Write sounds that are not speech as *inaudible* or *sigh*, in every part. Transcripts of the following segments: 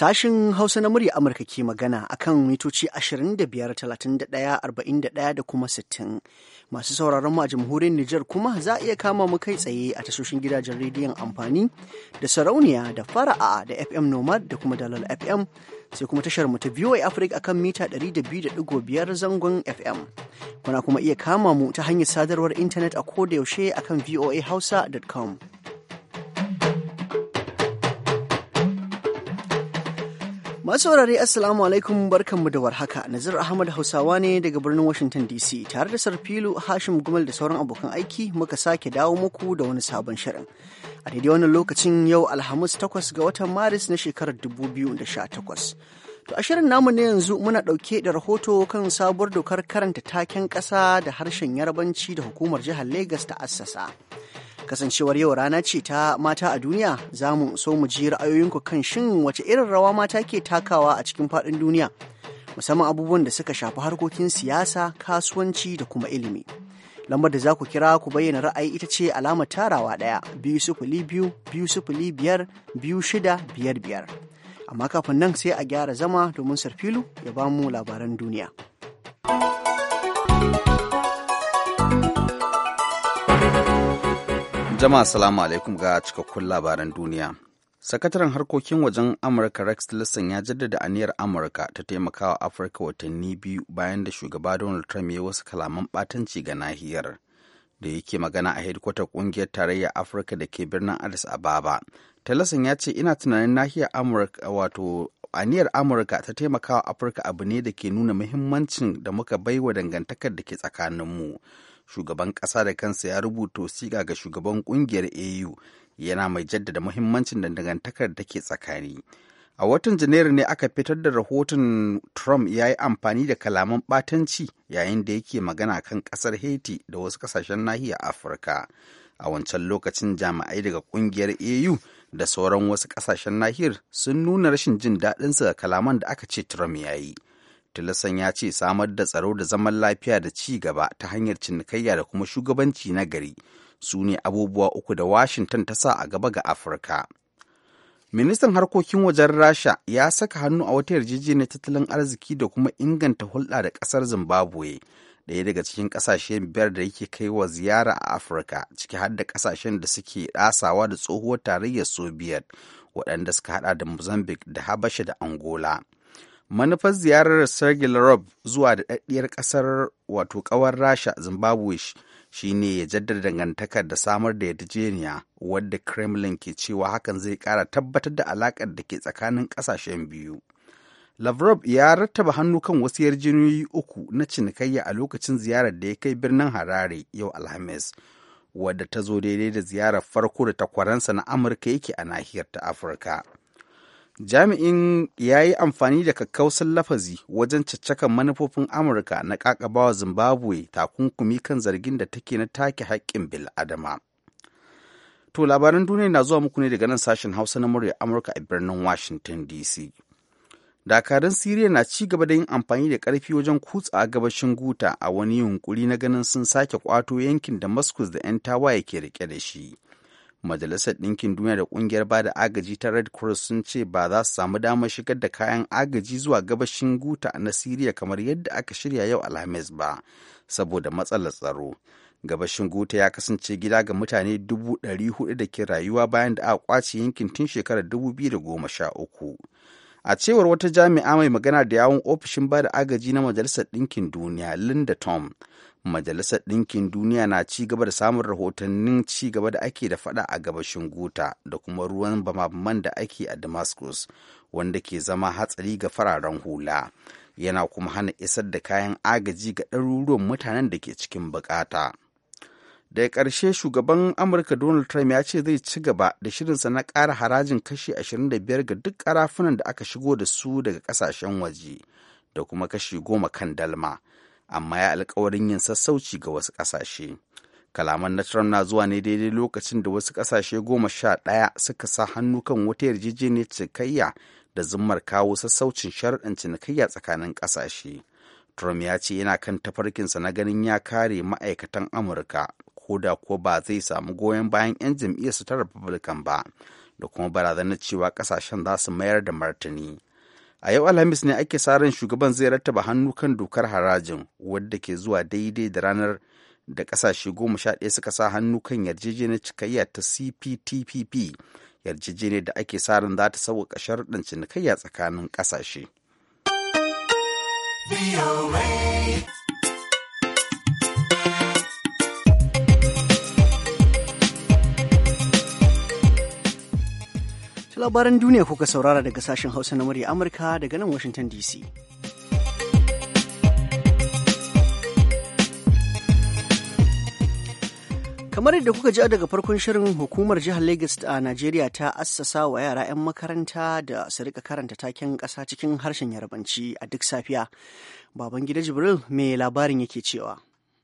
Sashin Hausa na murya Amurka ke magana a kan mitoci 25, 31, 41 da kuma 60. Masu sauraron mu a jamhuriyar Nijar kuma za a iya kama mu kai tsaye a tashoshin gidajen rediyon amfani da sarauniya da fara'a da FM Nomad da kuma Dalal FM sai kuma tashar mu ta VOA Africa akan mita 200.5 zangon FM. Kuna kuma iya kama mu ta hanyar sadarwar intanet a kodayaushe akan voahausa.com. Masu saurare Assalamu alaikum barkanmu da warhaka Nazir Ahmad Hausawa ne daga birnin Washington DC tare da Sarfilu Hashim Gumal da sauran abokan aiki muka sake dawo muku da wani sabon shirin. A daidai wannan lokacin yau Alhamis takwas ga watan Maris na shekarar dubu biyu da sha takwas To a shirin namu na yanzu muna ɗauke da rahoto kan sabuwar dokar karanta taken ƙasa da harshen Yarabanci da hukumar jihar Legas ta assasa. kasancewar yau rana ce ta mata a duniya za mu so mu ji ra'ayoyinku kan shin wace irin rawa mata ke takawa a cikin faɗin duniya musamman abubuwan da suka shafi harkokin siyasa kasuwanci da kuma ilimi lambar da za ku kira ku bayyana ra'ayi ita ce alama tarawa ɗaya biyu sufuli biyu biyu sufuli biyar biyu shida biyar biyar amma kafin nan sai a gyara zama domin sarfilu ya bamu labaran duniya. Jama'a salamu alaikum ga cikakkun labaran duniya. Sakataren harkokin wajen Amurka Rex Tillerson ya jaddada aniyar Amurka ta taimakawa Afirka watanni biyu bayan da shugaba Donald Trump ya wasu kalaman batanci ga nahiyar. Da yake magana a hedikwatar kungiyar tarayya Afirka da ke birnin Addis Ababa. Tillerson ya ce ina tunanin nahiyar Amurka wato aniyar Amurka ta taimakawa Afirka abu ne da ke nuna muhimmancin da muka baiwa dangantakar da ke tsakaninmu. mu. shugaban ƙasa da kansa ya rubuta wasiƙa ga shugaban ƙungiyar au yana mai jaddada muhimmancin dangantakar da ke tsakani a watan janairu ne aka fitar da rahoton trump ya yi amfani da kalaman ɓatanci yayin da yake magana kan ƙasar haiti da wasu ƙasashen nahiyar afirka a wancan lokacin jami'ai daga ƙungiyar au da sauran wasu ƙasashen nahiyar sun nuna rashin jin daɗinsu ga kalaman da aka ce trump ya yi tilasan ya ce samar da tsaro da zaman lafiya da ci gaba ta hanyar cinikayya da kuma shugabanci na gari su ne abubuwa uku da washington ta sa a gaba ga afirka ministan harkokin wajen rasha ya saka hannu a wata yarjejeniyar tattalin arziki da kuma inganta hulɗa da ƙasar zimbabwe ɗaya daga cikin ƙasashen biyar da yake kai wa ziyara a afirka ciki har da ƙasashen da suke ɗasawa da tsohuwar tarayyar soviet waɗanda suka haɗa da mozambique da habasha da angola manufar ziyarar sergei lavrov zuwa da daɗaɗɗiyar ƙasar wato ƙawar rasha zimbabwe shi ne ya jaddada dangantakar da samar da yarjejeniya wadda kremlin ke cewa hakan zai ƙara tabbatar da alaƙar da ke tsakanin ƙasashen biyu lavrov ya rattaba hannu kan wasu yarjejeniyoyi uku na cinikayya a lokacin ziyarar da ya kai birnin harare yau alhamis wadda ta zo daidai da ziyarar farko da takwaransa na amurka yake a nahiyar ta afirka jami'in ya yi amfani da kakkausan lafazi wajen caccakan manufofin amurka na kakabawa zimbabwe takunkumi kan zargin da take na take haƙƙin bil adama. to labaran duniya na zuwa muku ne daga nan sashen hausa na murya amurka a birnin washington dc dakarun siriya na ci gaba da yin amfani da ƙarfi wajen kutsa a gabashin guta a wani yunkuri na ganin sun sake kwato yankin damascus da 'yan tawaye ke rike da shi majalisar ɗinkin duniya da ƙungiyar bada agaji ta red cross sun ce ba za su samu damar shigar da kayan agaji zuwa gabashin guta na siriya kamar yadda aka shirya yau alhamis ba saboda matsalar tsaro gabashin guta ya kasance gida ga mutane 400 da ke rayuwa bayan da aka kwace yankin tun shekarar 2013 a cewar wata jami'a mai magana da yawon ofishin bada agaji na majalisar ɗinkin duniya linda tom majalisar ɗinkin duniya na ci gaba da samun rahotannin ci gaba da ake da fada a gabashin guta da kuma ruwan bamaman da ake a damascus wanda ke zama hatsari ga fararen hula yana kuma hana isar da kayan agaji ga ɗaruruwan mutanen da ke cikin bukata daga ƙarshe shugaban amurka donald trump ya ce zai ci gaba da shirinsa na ƙara harajin kashi 25 ga duk karafunan da aka shigo da su daga ƙasashen waje da kuma kashi goma kan dalma amma ya alkawarin yin sassauci ga wasu ƙasashe. Kalaman na Trump na zuwa ne daidai lokacin da wasu ƙasashe goma sha ɗaya suka sa hannu kan wata yarjejeniyar cinikayya da zummar kawo sassaucin sharaɗin cinikayya tsakanin ƙasashe. Trump ya ce yana kan tafarkinsa na ganin ya kare ma'aikatan Amurka ko da ko ba zai samu goyon bayan 'yan su ta Republican ba da kuma barazanar cewa ƙasashen za su mayar da martani. a yau alhamis ne ake sa ran shugaban zai rattaba hannu kan dokar harajin wadda ke zuwa daidai da ranar da ƙasashe goma sha ɗaya suka sa hannu kan yarjejeniyar cikayya ta cptpp yarjejeniyar da ake sa ran za ta sauƙaƙa sharuɗan cinikayya tsakanin ƙasashe. labaran duniya kuka saurara daga sashen hausa na murya amurka daga nan washington dc kamar yadda kuka ji daga farkon shirin hukumar jihar lagos a najeriya ta assasa wa yara 'yan makaranta da su rika karanta taken ƙasa cikin harshen yarabanci a duk safiya baban gida jibril mai labarin yake cewa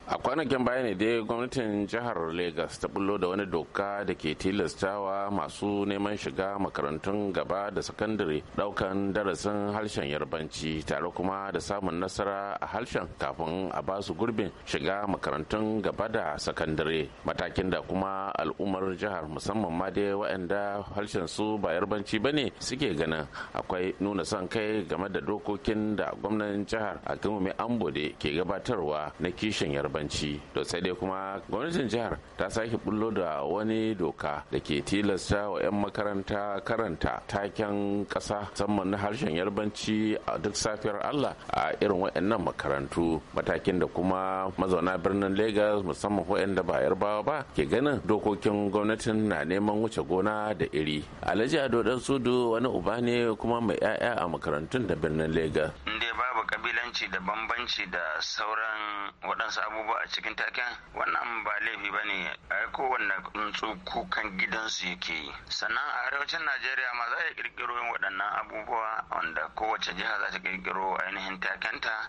a kwanakin baya ne dai gwamnatin jihar lagos ta bullo da wani doka da ke tilastawa masu neman shiga makarantun gaba da sakandare daukan darasin harshen yarbanci tare kuma da samun nasara a harshen kafin a ba su gurbin shiga makarantun gaba da sakandare matakin da kuma al'ummar jihar musamman ma dai waɗanda harshen su ba yarbanci ba ne suke ganin akwai nuna son kai game da dokokin da gwamnan jihar a ambode ke gabatarwa na kishin yarbanci banci to sai dai kuma gwamnatin jihar ta sake bullo da wani doka da ke tilasta wa 'yan makaranta karanta taken kasa musamman na harshen yarbanci a duk safiyar allah a irin wa'annan makarantu matakin da kuma mazauna birnin lagos musamman waɗanda ba yarbawa ba ke ganin dokokin gwamnatin na neman wuce gona da iri alhaji ado dan sudu wani uba ne kuma mai 'ya'ya a makarantun da birnin lagos babu kabilanci da bambanci da sauran waɗansu abubuwa a cikin taken wannan ba laifi ba ne a kowanne tsuntsu kukan gidansu yake yi sannan a arewacin najeriya ma za a kirkiro waɗannan abubuwa wanda kowace jiha za ta kirkiro ainihin ta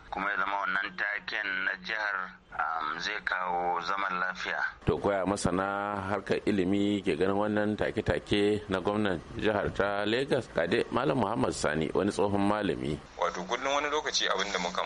kuma ya zama wannan taken na jihar um, zai kawo zaman lafiya to koya masana harkar ilimi ke ganin wannan take-take na gwamnan jihar ta lagos ga dai malam muhammad sani wani tsohon malami wato kullum wani lokaci abin da muka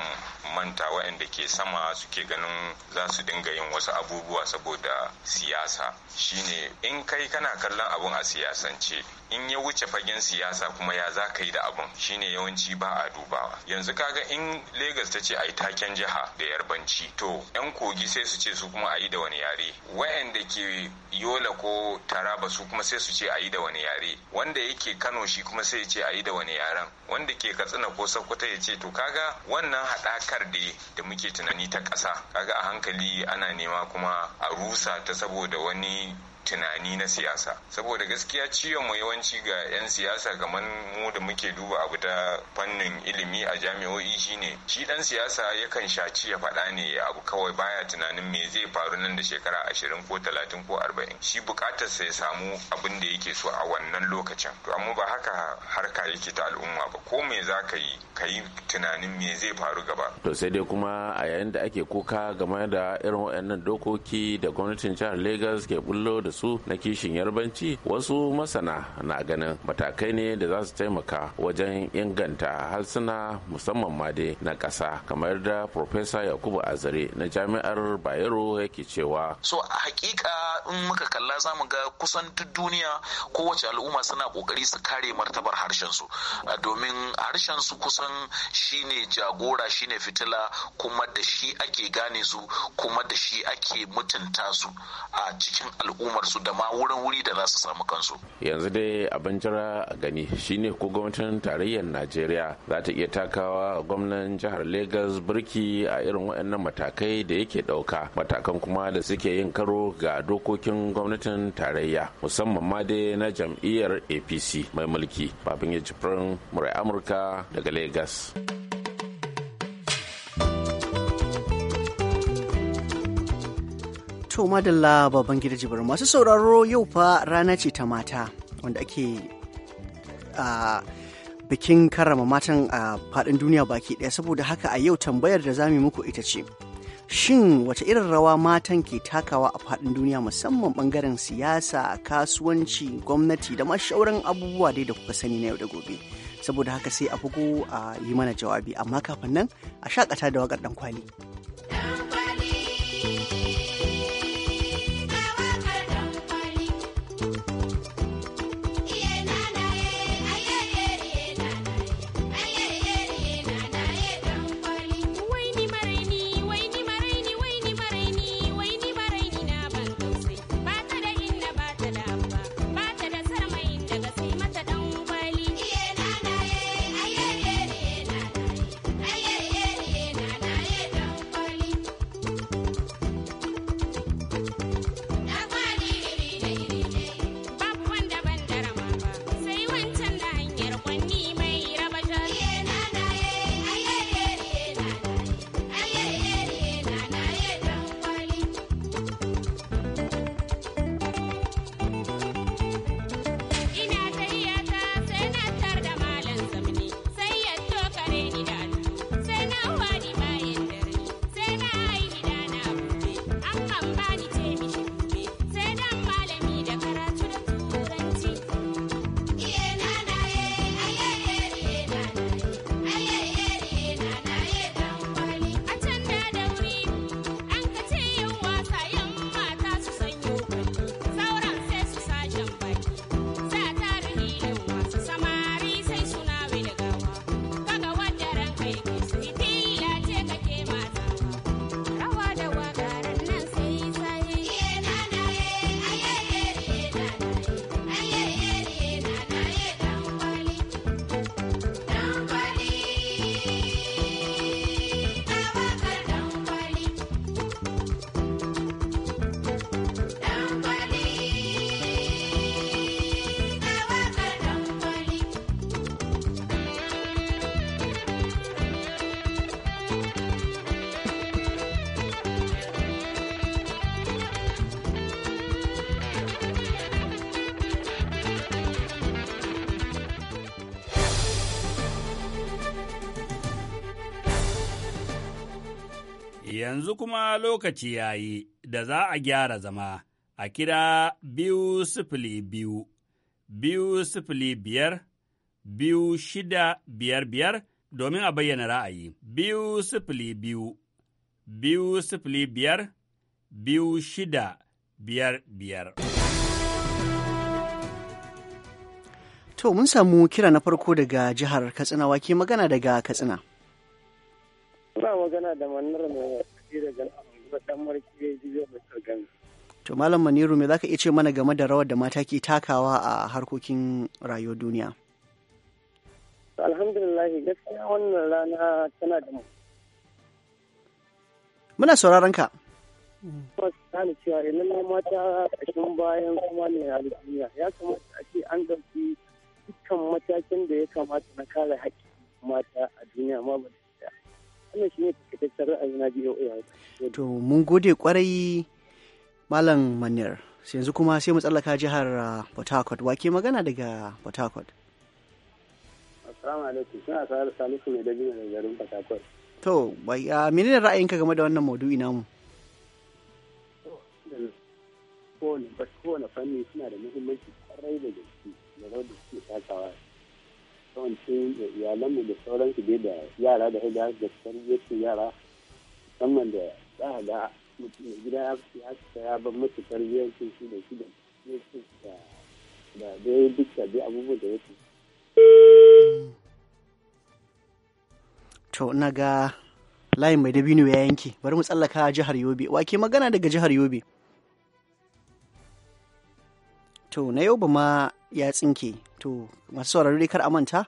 manta waɗanda ke sama suke ganin za su dinga yin wasu abubuwa saboda siyasa shine in kai kana kallon abun a siyasance in ya wuce fagen siyasa kuma ya za ka yi da abun shine yawanci ba a dubawa yanzu kaga in Legas ta ce a yi taken jiha da yarbanci to 'yan kogi sai su ce su kuma a yi da wani yare wayanda ke yola ko taraba su kuma sai su ce a yi da wani yare wanda yake kano shi kuma sai ya ce a yi da wani yaren wanda ke katsina ko sokoto ya ce to kaga wannan haɗakar da da muke tunani ta ƙasa kaga a hankali ana nema kuma a rusa ta saboda wani tunani na siyasa saboda gaskiya ciwon mu yawanci ga 'yan siyasa kamar mu da muke duba abu ta fannin ilimi a jami'o'i shine shi dan siyasa yakan shaci ya faɗa ne abu kawai baya tunanin me zai faru nan da shekara ashirin ko talatin ko arba'in shi bukatarsa ya samu abin da yake so a wannan lokacin to amma ba haka harka yake ta al'umma ba ko me za ka yi ka yi tunanin me zai faru gaba to sai dai kuma a yayin da ake kuka game da irin waɗannan dokoki da gwamnatin jihar Legas ke bullo da da su na kishin yarbanci wasu masana na ganin matakai ne da za su taimaka wajen inganta harsuna musamman ma dai na ƙasa kamar da Profesa Yakubu Azare na Jami'ar Bayero yake cewa. So a hakika in muka kalla za mu ga kusan duk duniya kowace al'umma suna kokari su kare martabar harshen su domin harshen su kusan shine jagora shine fitila kuma da shi ake gane su kuma da shi ake mutunta su a cikin al'umma su da ma wurin wuri da za su samu kansu yanzu dai abin jira a gani shine ko gwamnatin tarayyar najeriya za ta iya takawa gwamnan jihar lagos birki a irin waɗannan matakai da yake ɗauka matakan kuma da suke yin karo ga dokokin gwamnatin tarayya musamman ma dai na jam'iyyar apc mai mulki babin ya murai amurka daga lagos To madalla babban gida jibirin masu sauraro yau fa rana ce ta mata wanda ake a bikin karrama matan a faɗin duniya baki ɗaya saboda haka a yau tambayar da zamu muku ita ce. Shin wace irin rawa matan ke takawa a faɗin duniya musamman bangaren siyasa, kasuwanci, gwamnati da ma abubuwa dai da kuka sani na yau da gobe. Saboda haka sai a bugu a yi mana jawabi amma kafin nan a shakata da wakar ɗan kwali. Yanzu kuma lokaci ya yi da za a gyara zama a kira biyu sifili biyu, biyu sifili biyar, biyu shida biyar biyar domin a bayyana ra'ayi. Biyu sifili biyu, biyu sifili biyar, biyu shida biyar biyar. To mun samu kira na farko daga jihar Katsina wake magana daga Katsina. Ina magana da manar mai daga dan marki ya ji zai To Malam Maniru me zaka iya ce mana game da rawar da mata ke takawa a harkokin rayuwar duniya? Alhamdulillah gaskiya wannan rana tana da mu. Muna sauraron ka. Kwasani cewa na mata ƙashin bayan kuma ne a duniya ya kamata a ce an ɗauki dukkan matakin da ya kamata na kare haƙƙin mata a duniya ma ba wannan shi ne takaitaccen ra'ayi na BOA. Eh, eh. To mun gode kwarai Malam Manir. yanzu kuma sai mu tsallaka jihar uh, Port Harcourt. ke magana daga Port Harcourt. Assalamu alaikum. Suna tare da Salisu mai da daga garin Port Harcourt. To, uh, menene ra'ayinka game da wannan maudu'i namu? Kowane fanni suna da muhimmanci kwarai da gaske da rawar da suke takawa kawancin iyalanmu da sauransu dai da yara da haida da tarbiyyar yara musamman da za ga gida ya fi aka ya ban musu tarbiyyar su da shi da da dai duk da abubuwan da yake. To, na ga layin mai dabino ya yanke, bari mu tsallaka jihar Yobe. Wa ke magana daga jihar Yobe? to na yau ba ma ya tsinke to masu saurari kar manta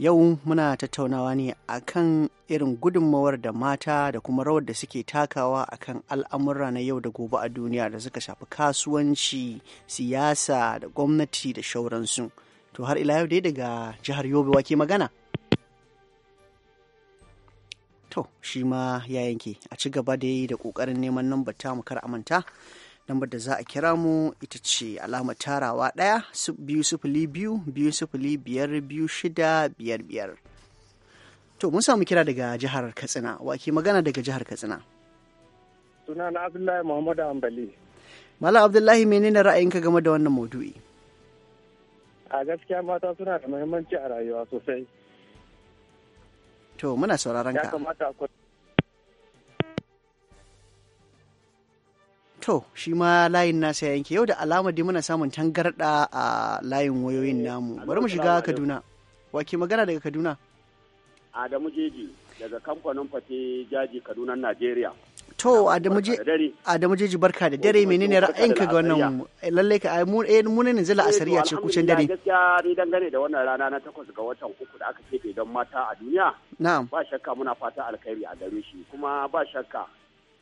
yau muna tattaunawa ne akan irin gudunmawar da mata da kuma rawar da suke takawa akan al'amura na yau da gobe a duniya da suka shafi kasuwanci siyasa da gwamnati da shauransu to har ila yau dai daga jihar yobe wake magana to shi ma ya yanke a ci gaba da yi da ƙoƙarin neman nan ta mu kar manta? lambar da za a kira mu ita ce alamar tarawa ɗaya biyu sufuli biyu biyu sufuli biyar biyu shida biyar biyar to mun samu kira daga jihar katsina wake magana daga jihar katsina suna na abdullahi muhammadu ambali malam abdullahi menene ra'ayinka game da wannan maudu'i a gaskiya mata suna da muhimmanci a rayuwa sosai to muna sauraron ka ya kamata To, shi ma layin nasa ya yanke yau da alama dai muna samun tangarɗa a layin wayoyin namu. Bari mu shiga Kaduna. Wake magana daga Kaduna? Adamu Jeji daga kamfanin fate jaji Kaduna Najeriya. To, Adamu Jeji barka da dare menene ra'ayinka ga wannan eh, lallai ka ai mu eh, ne zala a eh, ce kucin dare. Gaskiya ni dangane da wannan rana na takwas ga watan uku da aka kefe don mata a duniya. Na'am. Ba shakka muna fata alkhairi a gare shi kuma ba shakka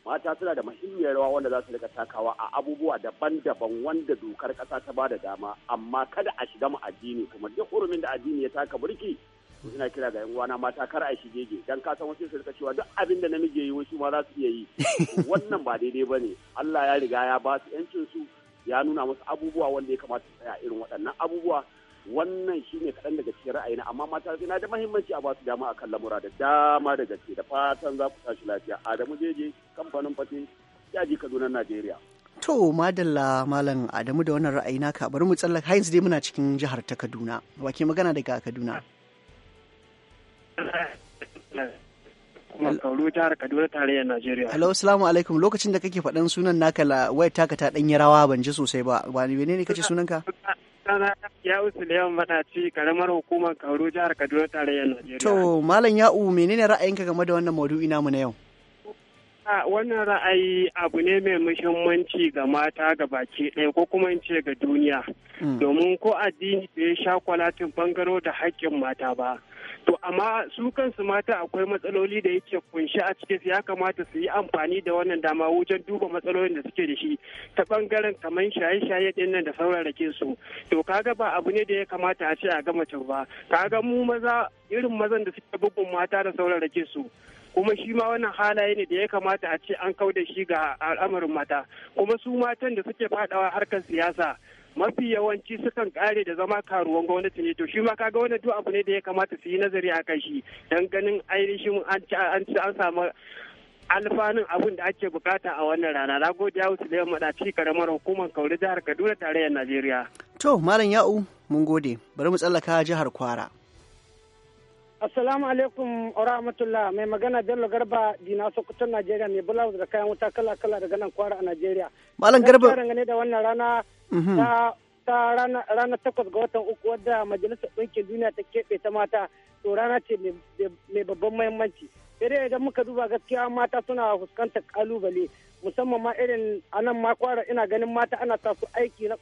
mata suna da muhimmiyar rawa wanda za su rika takawa a abubuwa daban-daban wanda dokar kasa ta ba da dama amma kada a shiga mu addini kuma duk hurumin da addini ya taka burki suna ina kira ga 'yan mata kar a shige ge dan ka san wasu su rika cewa duk abin da namiji yi wasu ma za su iya yi *laughs* wannan ba daidai ba ne Allah ya riga ya ba su 'yancin su ya nuna musu abubuwa wanda ya kamata su tsaya irin waɗannan abubuwa wannan shine kaɗan daga cikin ra'ayina amma mata na da mahimmanci a basu dama akan lamura da dama da gaske da fatan za ku tashi lafiya adamu jeje kamfanin fate yaji kaduna najeriya to madalla malam adamu da wannan ra'ayi naka bari mu tsallaka yanzu dai muna cikin jihar ta kaduna wake magana daga kaduna Kaduna Hello, assalamu alaikum. Lokacin da kake faɗan sunan naka la wayar taka ta ɗanyi rawa ban ji sosai ba. wani ne ne kace sunanka? ya Ya'u Suleiman Mataci, karamar hukumar Kauru jihar Kaduna tarayyar Najeriya. To, Malam Ya'u, menene ra'ayinka game da wannan maudu'i namu na yau? wannan ra'ayi abu ne mai muhimmanci ga mata ga baki ɗaya ko kuma in ce ga duniya mm. domin ko addini bai sha kwalatin bangaro da haƙƙin mata ba to amma su kansu mata akwai matsaloli da yake kunshi a cikin ya kamata su yi amfani da wannan dama wajen duba matsalolin da suke da shi ta bangaren kamar shaye-shaye din nan da sauran rake su to kaga ba abu ne da ya kamata a ce a gama mace ba kaga mu maza irin mazan da suke bugun mata da sauran rake su kuma shi ma wannan halaye ne da ya kamata a ce an kau da shi ga al'amarin mata kuma su matan da suke fadawa harkar siyasa mafi yawanci sukan kare da zama karuwan gwamnati ne to shi ma kaga wannan duk abu ne da ya kamata su yi nazari a kan shi dan ganin ainihin an samu alfanun abin da ake bukata a wannan rana na gode yawu suleiman madaci karamar hukumar kauri jihar kaduna tarayyar najeriya to malam ya'u mun gode bari mu tsallaka jihar kwara Assalamu alaikum rahmatullah mai magana Bello Garba Dina Sokoton Najeriya mai blouse da kayan wuta kala kala daga nan kwara a Najeriya. Malam Garba. Dan da wannan rana mhm. ta rana takwas ga watan uku wadda majalisar ɗinkin duniya ta keɓe ta mata to rana ce mai babban muhimmanci. Sai dai idan muka duba gaskiya mata suna fuskantar kalubale musamman ma irin anan nan ma kwara ina ganin mata ana sa su aiki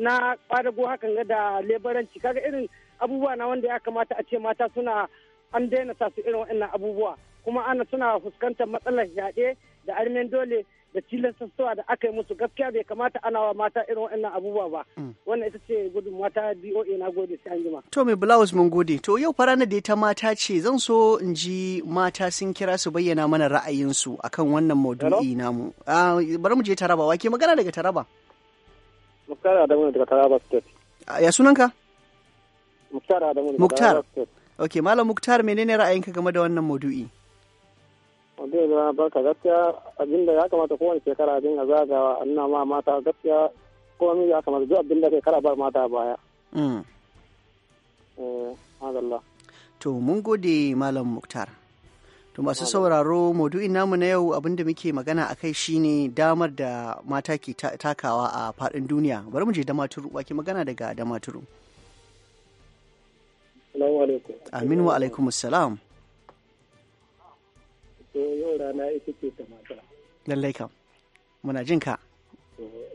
na kwadago hakan ga da lebaranci kaga irin abubuwa na wanda ya kamata a ce mata suna an daina sasu irin waɗannan abubuwa kuma ana suna fuskantar matsalar yaɗe da armen dole da sassuwa da aka yi musu gaskiya bai kamata ana wa mata irin waɗannan abubuwa ba mm. wannan ita ce gudun mata doa na gode sai an jima to mai blouse mun gode to yau farana da ta mata ce zan so in ji mata sun kira su bayyana mana ra'ayinsu akan wannan maudu'i namu ah, bari mu je taraba wake magana daga taraba Muktar Adamu daga Taraba State. Ya sunanka? Muktar Adamu daga Taraba State. Ok, Malam Muktar menene ra'ayinka game da wannan maudu'i? ya zama barka gaskiya abin da ya kamata kowane shekara abin a zagawa ina ma mata gaskiya kowane ya kamata duk abin da ke kara bar mata baya. Mm. Eh, Allah. To mun gode Malam Muktar. To masu sauraro maudu'in namu na yau abinda muke magana a kai shine damar da mata ke takawa a faɗin duniya. Bari mu je da maturu, wake magana daga da damaturu. Aminu wa alaikum salam. To yau rana ita ce ta mata. Lallai kam, muna jin ka.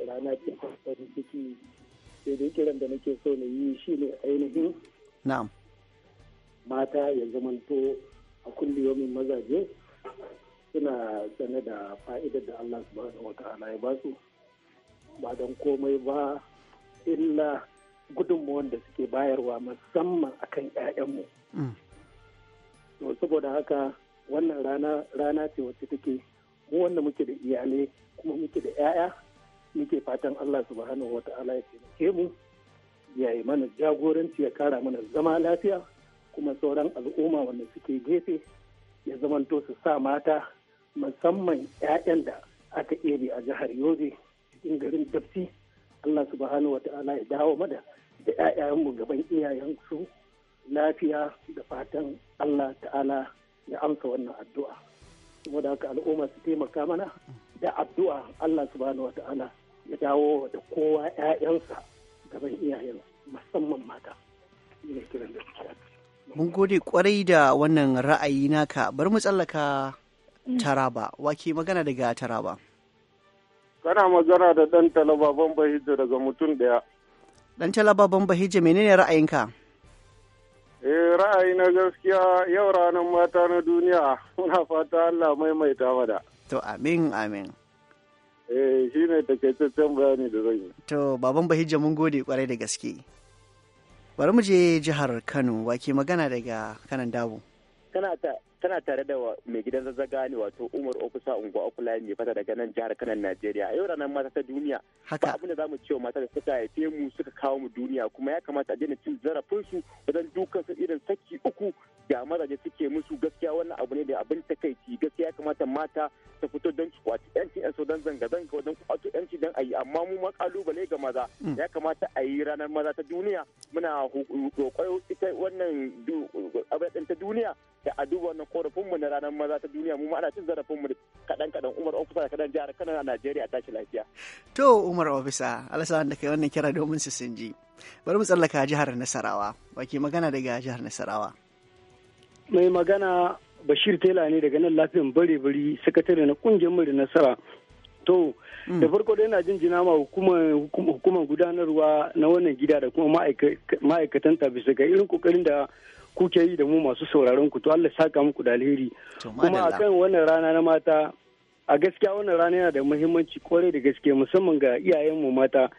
Rana ce ta ciki, sai dai kiran da nake so na yi shi ne ainihin. Na'am. Mata ya zamanto a kulliyomin mazaje suna sane da fa'idar da Allah subhanahu ta'ala ya basu ba don komai ba illa gudunmuwan da suke bayarwa musamman akan 'ya'yanmu mm. to saboda haka wannan rana rana ce wacce take mu wanda muke da iyalai kuma muke da 'ya'ya muke fatan Allah subhanahu ta'ala ya taimake mu ya yi mana jagoranci ya kara mana zama lafiya kuma sauran al'umma wanda suke gefe ya zamanto su sa mata musamman 'ya'yan da aka ebe a jihar yobe cikin garin dafti allah subhanahu wa ta'ala ya dawo mada da 'ya'yanmu gaban iyayensu lafiya da fatan allah ta'ala ya amsa wannan addu'a saboda haka al'umma su taimaka mana da addu'a allah subhanahu wa ta'ala ya dawo da kowa 'ya'yansa gaban iyayen musamman mata ina kiran da Mun gode kwarai da wannan ra'ayi naka bari mu tsallaka mm. Taraba, wake magana daga Taraba. Kana magana da ɗan talaba bahija daga mutum ɗaya. Ɗan talaba bahija menene ra'ayinka? Eh ra'ayi na gaskiya yau ranar mata na duniya muna fata Allah maimaita mada To amin amin. Eh shi ne takaitaccen bayani da zan yi. To baban bahija mun gode kwarai da gaske. bari mu je jihar kano wake magana daga kanan dabo kana ta tana tare da mai gidan zazzaga ne wato umar ofisa unguwa okula mai fata daga nan jihar kanan najeriya yau ranar mata ta duniya ba abin da zamu cewa mata da suka haife mu suka kawo mu duniya kuma ya kamata a daina cin zarafin su wajen dukan su irin saki uku da mazaje suke musu gaskiya wannan abu ne da abin takaici gaskiya ya kamata mata ta fito don su kwaci yanci yan don zanga zanga wajen kwato yanci don ayi amma mu ma kalubale ga maza mm. ya kamata a yi ranar maza ta duniya muna roƙon ita wannan abin ta duniya da a duba wannan korafin korafinmu na ranar maza ta duniya mu ma ana cin zarafinmu kaɗan kaɗan umar ofisa da kaɗan jihar kano a najeriya tashi lafiya. to umar ofisa alasa da kai wannan kira domin su sun ji bari mu tsallaka jihar nasarawa wake magana daga jihar nasarawa. mai magana bashir tela ne daga nan lafiyan bare bari sakatare na kungiyar mai nasara to mm. da farko dai jin jinjina ma hukumar gudanarwa na wannan gida da kuma ma'aikatanta bisa ga irin kokarin da kuke yi da mu masu sauraron ku to Allah saka muku da alheri kuma akan wannan rana na mata a gaskiya wannan rana yana da muhimmanci kwarai da gaske musamman ga mu mata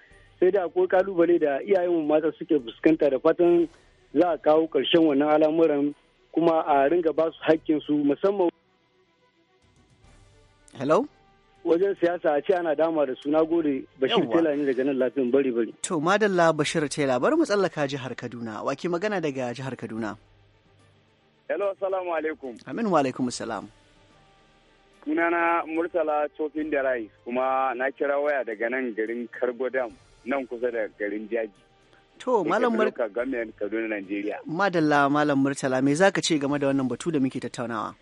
sai da akwai kalubale da mu mata suke fuskanta da fatan za a kawo karshen wannan al'amuran kuma a ringa ba su hakkin su musamman hello wajen siyasa a ce ana dama da suna gode Bashir Tela ne daga nan lafiyan bari bari. To madalla Bashir Tela bari mu tsallaka jihar Kaduna ke magana daga jihar Kaduna. Hello assalamu alaikum. Amin wa alaikum salam. Sunana Murtala Tofin da Rai kuma na kira waya daga nan garin Kargodam nan kusa da garin Jaji. To malam Murtala Kaduna Najeriya. Madalla malam Murtala me zaka ce game da wannan batu da muke tattaunawa?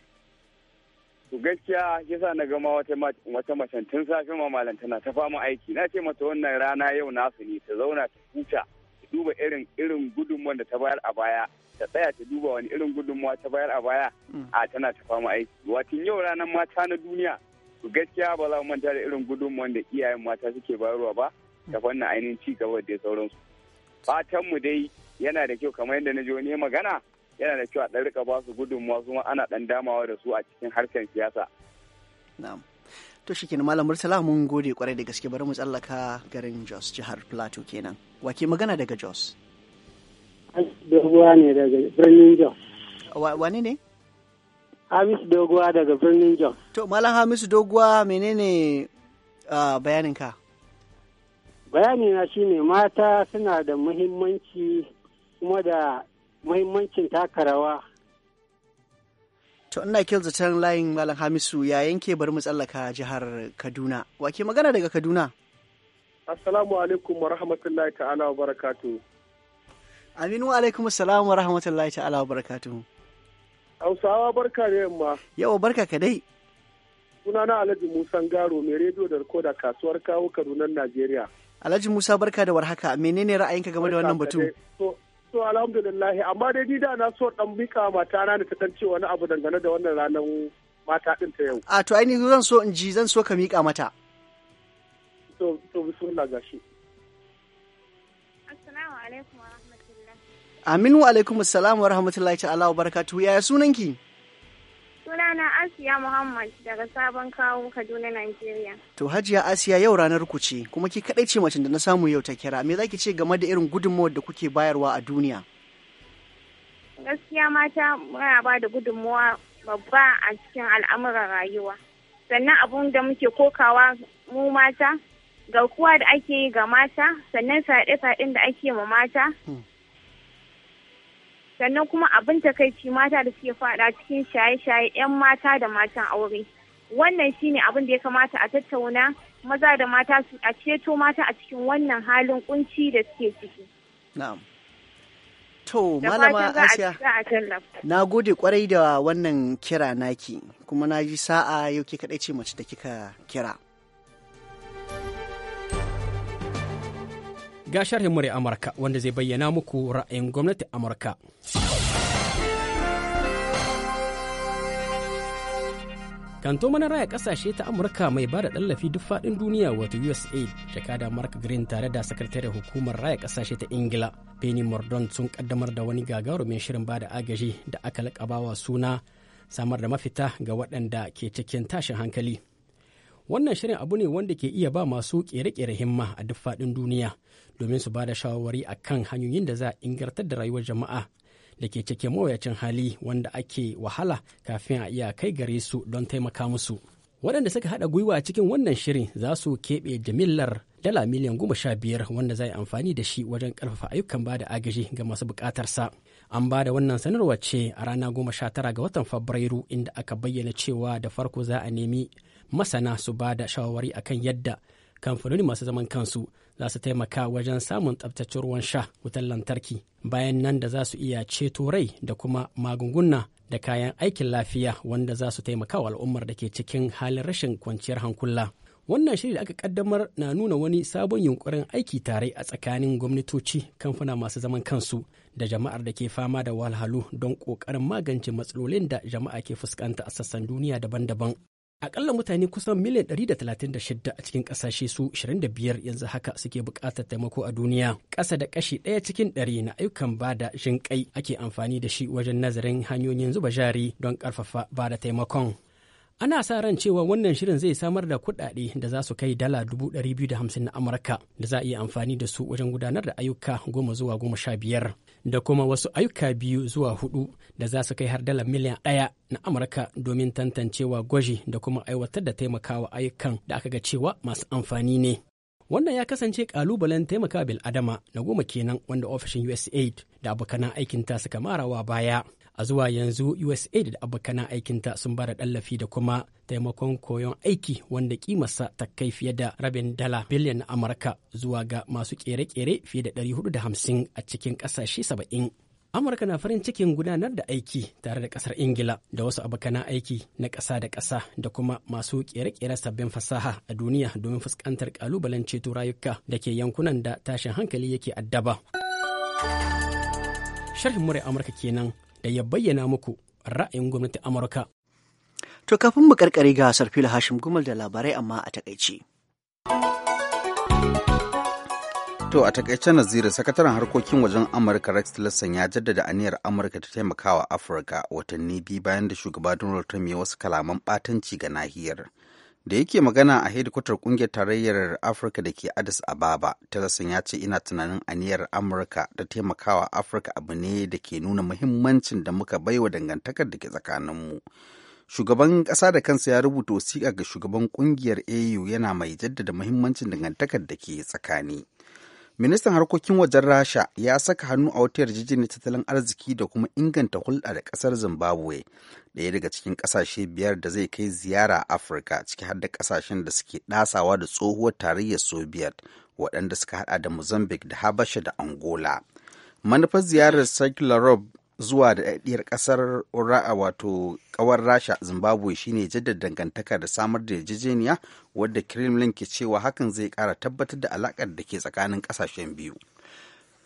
ku gaskiya yasa na gama wata wata macen tun safe ma malam tana ta fama aiki na ce mata wannan rana yau nasu ne ta zauna ta huta ta duba irin irin gudunmuwan da ta bayar a baya ta tsaya ta duba wani irin gudunmuwa ta bayar a baya mm. a tana ta fama aiki watin yau ranar mata na duniya ku gaskiya ba za mu manta da irin gudunmuwan da iyayen mata suke bayarwa ba ta fannin ainihin ci gaba da sauransu fatanmu dai yana da kyau kamar yadda na ji wani magana yana da kyau a ɗan rika ba su gudun kuma ana ɗan damawa da su a cikin harkar siyasa. Na'am. To shi kenan Malam Murtala mun gode kwarai da gaske bari mu tsallaka garin Jos jihar Plateau kenan. Wake magana daga Jos? Doguwa ne daga birnin Jos. Wani ne? Hamisu Doguwa daga birnin Jos. To Malam Hamisu Doguwa menene bayaninka? Bayanina ne mata suna da muhimmanci kuma da muhimmancin taka rawa. To ina kyau zaton layin Malam Hamisu ya yanke bari mu tsallaka jihar Kaduna. Wake magana daga Kaduna? Assalamu alaikum wa rahmatullahi ta'ala wa barakatu. Aminu alaikum assalamu wa rahmatullahi ta'ala wa barakatu. Hausawa barka da yamma. Yawa barka ka dai. Sunana Alhaji Musa Garo mai rediyo da rikoda kasuwar kawo Kaduna Najeriya. Alhaji Musa barka da warhaka menene ra'ayinka game da wannan batu? so alhamdulillah amma dai ni da na so dan mika mata na ta dan ce wani abu dangane da wannan ranar mata din ta yau a to ai zan so in ji zan so ka mika mata to to bismillah gashi assalamu alaikum wa rahmatullahi aminu alaikum assalam wa rahmatullahi ta'ala wa barakatuhu yaya sunanki Sunana Asiya Muhammad daga Sabon Kawo Kaduna, Najeriya. To Hajiya Asiya yau ranar ku ce kuma ki kaɗai ce macen da na samu yau ta kira. Me za ki ce game da irin gudunmawar da kuke bayarwa a duniya? Gaskiya mata muna ba da gudunmawa babba a cikin al'amuran rayuwa. Sannan abun da muke kokawa mu mata, garkuwa da ake yi ga mata, sannan fyaɗe-fyaɗen da ake ma mata, hmm. sannan kuma abin takaici mata da suke fada cikin shaye-shaye 'yan mata da matan aure wannan shine abin da ya kamata a tattauna maza da mata su a ceto mata a cikin wannan halin kunci da suke ciki to malama asiya na gode kwarai da wannan kira naki kuma na ji sa'a yau ke kaɗai ce mace da kika kira ga sharhin murya Amurka wanda zai bayyana muku ra'ayin gwamnati Amurka. mana raya kasashe ta amurka mai ba da tallafi duk fadin duniya wato usaid jakada mark green tare da sakataren hukumar raya kasashe ta ingila penny mordaunt sun kaddamar da wani gagarumin shirin ba da agaji da aka lakabawa suna samar da mafita ga waɗanda ke cikin tashin hankali wannan shirin abu ne wanda ke iya ba masu kere-kere himma a duk faɗin duniya domin su ba da shawarwari a kan hanyoyin da za a ingantar da rayuwar jama'a da ke cike mawuyacin hali wanda ake wahala kafin a iya kai gare su don taimaka musu waɗanda suka haɗa gwiwa cikin wannan shirin za su keɓe jimillar dala miliyan goma sha biyar wanda za yi amfani da shi wajen ƙarfafa ayyukan ba da agaji ga masu buƙatarsa an ba da wannan sanarwa ce a rana goma sha tara ga watan fabrairu inda aka bayyana cewa da farko za a nemi masana su ba da shawarwari akan yadda kamfanoni masu zaman kansu za su taimaka wajen samun tsabtacin ruwan sha wutar lantarki bayan nan da za su iya ceto rai da kuma magunguna da kayan aikin lafiya wanda za su taimaka wa al'ummar da ke cikin halin rashin kwanciyar hankula wannan shirin da aka kaddamar na nuna wani sabon yunkurin aiki tare a tsakanin gwamnatoci kamfuna masu zaman kansu da jama'ar da ke fama da wahalhalu don ƙoƙarin magance matsalolin da jama'a ke fuskanta a sassan duniya daban-daban akalla mutane kusan miliyan 136 a cikin kasashe su 25 yanzu haka suke buƙatar taimako a duniya ƙasa da kashi ɗaya cikin ɗari na ayyukan bada da kai ake amfani da shi wajen nazarin hanyoyin zuba jari don ƙarfafa bada taimakon ana sa ran cewa wannan shirin zai samar da kuɗaɗe da za su kai dala dubu ɗari biyu da hamsin na amurka da za a iya amfani da su wajen gudanar da ayyuka goma zuwa goma sha biyar da kuma wasu ayyuka biyu zuwa hudu da za su kai har dala miliyan ɗaya na amurka domin tantancewa gwaji da kuma aiwatar da taimakawa ayyukan da aka ga cewa masu amfani ne wannan ya kasance kalubalen taimaka bil adama na goma kenan wanda ofishin usaid da abokanan aikinta suka marawa baya a zuwa yanzu usaid da abokanan aikinta sun da ɗallafi da kuma taimakon koyon aiki wanda kimarsa ta kai fiye da rabin dala biliyan na amurka zuwa ga masu kere-kere fiye da 450 a cikin ƙasashe 70 amurka na farin cikin gudanar da aiki tare da kasar ingila da wasu abokanan aiki na ƙasa da ƙasa da kuma masu ƙere kere sabbin fasaha a duniya domin fuskantar ƙalubalen ceto rayuka da ke yankunan da tashin hankali yake addaba sharhin murai amurka kenan da ya bayyana muku ra'ayin gwamnatin Amurka. To kafin mu karkare ga Sarfila Hashim Gumal da labarai amma a takaici. To a takaice Nazira sakataren harkokin wajen Amurka Rex Tillerson ya jaddada aniyar Amurka ta taimakawa Afirka watanni biyu bayan da shugaba Donald Trump ya wasu kalaman batanci ga nahiyar. da yake magana a hedikwatar kungiyar tarayyar afirka da ke addis ababa tillerson ya ce ina tunanin aniyar amurka da taimakawa afirka abu ne da ke nuna muhimmancin da muka baiwa dangantakar da ke tsakaninmu shugaban ƙasa da kansa ya rubuta wasiƙa ga shugaban kungiyar au yana mai jaddada muhimmancin dangantakar da ke tsakani ministan harkokin wajen rasha ya saka hannu a wata yarjejeniyar tattalin arziki da kuma inganta hulɗa da ƙasar zimbabwe ɗaya daga cikin ƙasashe biyar da zai kai ziyara afirka ciki har da ƙasashen da suke ɗasawa da tsohuwar tarayyar soviet waɗanda suka haɗa da mozambique da habasha da angola manufar ziyarar circular zuwa da daɗaɗɗiyar ƙasar ra'a wato ƙawar rasha zimbabwe shine jaddada dangantaka da samar da yarjejeniya wadda kremlin ke cewa hakan zai ƙara tabbatar da alaƙar da ke tsakanin ƙasashen biyu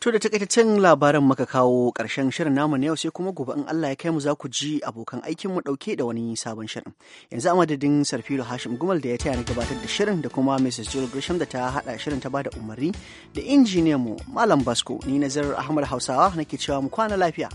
To da takaitaccen labarin maka kawo ƙarshen shirin namu na yau sai kuma gobe in Allah ya kai mu za ku ji abokan aikin mu ɗauke da wani sabon shirin. Yanzu a madadin Sarfilo Hashim Gumal da ya taya ni gabatar da shirin da kuma Mrs. Jill Grisham da ta haɗa shirin ta bada umarni da injiniyan mu Malam Basko ni Nazar Ahmad Hausawa nake cewa mu kwana lafiya.